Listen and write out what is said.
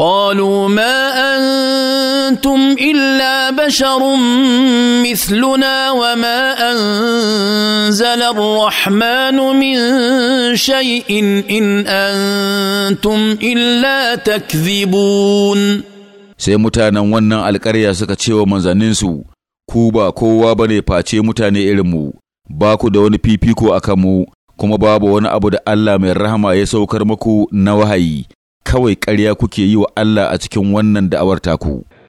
قالوا ما انتم الا بشر مثلنا وما انزل الرحمن من شيء ان انتم الا تكذبون sai mutanen wannan alkarya suka ce wa manzanninsu ku ba kowa ba ne face mutane irinmu ba ku da wani fifiko a kanmu kuma babu wani abu da Allah mai rahama ya saukar muku na wahayi kawai ƙarya kuke yi wa Allah a cikin wannan da'awar taku.